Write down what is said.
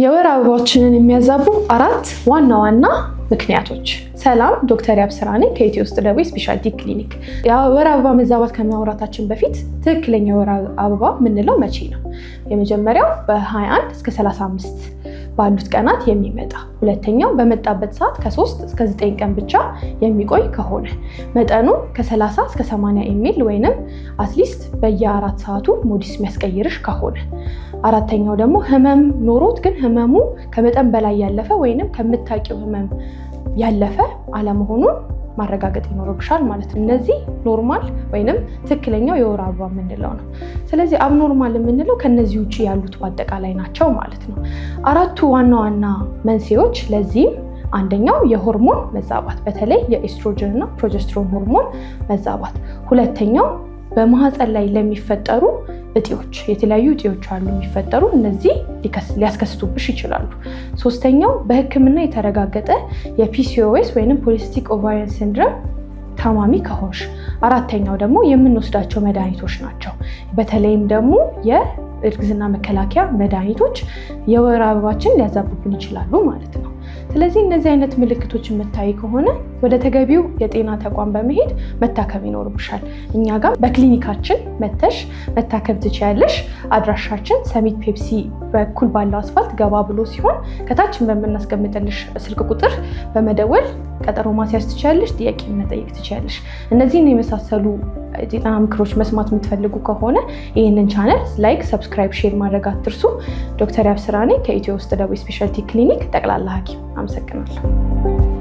የወር አበባችንን የሚያዛቡ አራት ዋና ዋና ምክንያቶች። ሰላም፣ ዶክተር ያብስራ ነኝ ከኢትዮ ውስጥ ደቡብ ስፔሻሊቲ ክሊኒክ። የወር አበባ መዛባት ከማውራታችን በፊት ትክክለኛ የወር አበባ የምንለው መቼ ነው? የመጀመሪያው በ21 እስከ 35 ባሉት ቀናት የሚመጣ ሁለተኛው በመጣበት ሰዓት ከ ከ3 እስከ ዘ9 ቀን ብቻ የሚቆይ ከሆነ መጠኑ ከ30 እስከ 80 ኤሚል ወይንም አትሊስት በየአራት ሰዓቱ ሞዲስ የሚያስቀይርሽ ከሆነ አራተኛው ደግሞ ህመም ኖሮት ግን ህመሙ ከመጠን በላይ ያለፈ ወይንም ከምታውቂው ህመም ያለፈ አለመሆኑን ማረጋገጥ ይኖርብሻል ማለት ነው። እነዚህ ኖርማል ወይንም ትክክለኛው የወር አበባ የምንለው ነው። ስለዚህ አብኖርማል የምንለው ከነዚህ ውጭ ያሉት በአጠቃላይ ናቸው ማለት ነው። አራቱ ዋና ዋና መንስኤዎች ለዚህም አንደኛው የሆርሞን መዛባት በተለይ የኤስትሮጅን እና ፕሮጀስትሮን ሆርሞን መዛባት፣ ሁለተኛው በማህፀን ላይ ለሚፈጠሩ እጢዎች የተለያዩ እጢዎች አሉ የሚፈጠሩ እነዚህ ሊያስከስቱብሽ ይችላሉ። ሶስተኛው በህክምና የተረጋገጠ የፒሲኦኤስ ወይም ፖሊስቲክ ኦቫሪያን ሲንድረም ታማሚ ከሆንሽ። አራተኛው ደግሞ የምንወስዳቸው መድኃኒቶች ናቸው። በተለይም ደግሞ የእርግዝና መከላከያ መድኃኒቶች የወር አበባችን ሊያዛቡብን ይችላሉ ማለት ነው። ስለዚህ እነዚህ አይነት ምልክቶች የምታይ ከሆነ ወደ ተገቢው የጤና ተቋም በመሄድ መታከም ይኖርብሻል። እኛ ጋር በክሊኒካችን መተሽ መታከም ትችያለሽ። አድራሻችን ሰሚት ፔፕሲ በኩል ባለው አስፋልት ገባ ብሎ ሲሆን ከታችን በምናስቀምጥልሽ ስልክ ቁጥር በመደወል ቀጠሮ ማስያዝ ትችያለሽ። ጥያቄ መጠየቅ ትችያለሽ። እነዚህን የመሳሰሉ የጤና ምክሮች መስማት የምትፈልጉ ከሆነ ይህንን ቻነል ላይክ፣ ሰብስክራይብ፣ ሼር ማድረግ አትርሱ። ዶክተር ያብስራኔ ከኢትዮ ውስጥ ደዌ ስፔሻልቲ ክሊኒክ ጠቅላላ ሐኪም አመሰግናለሁ።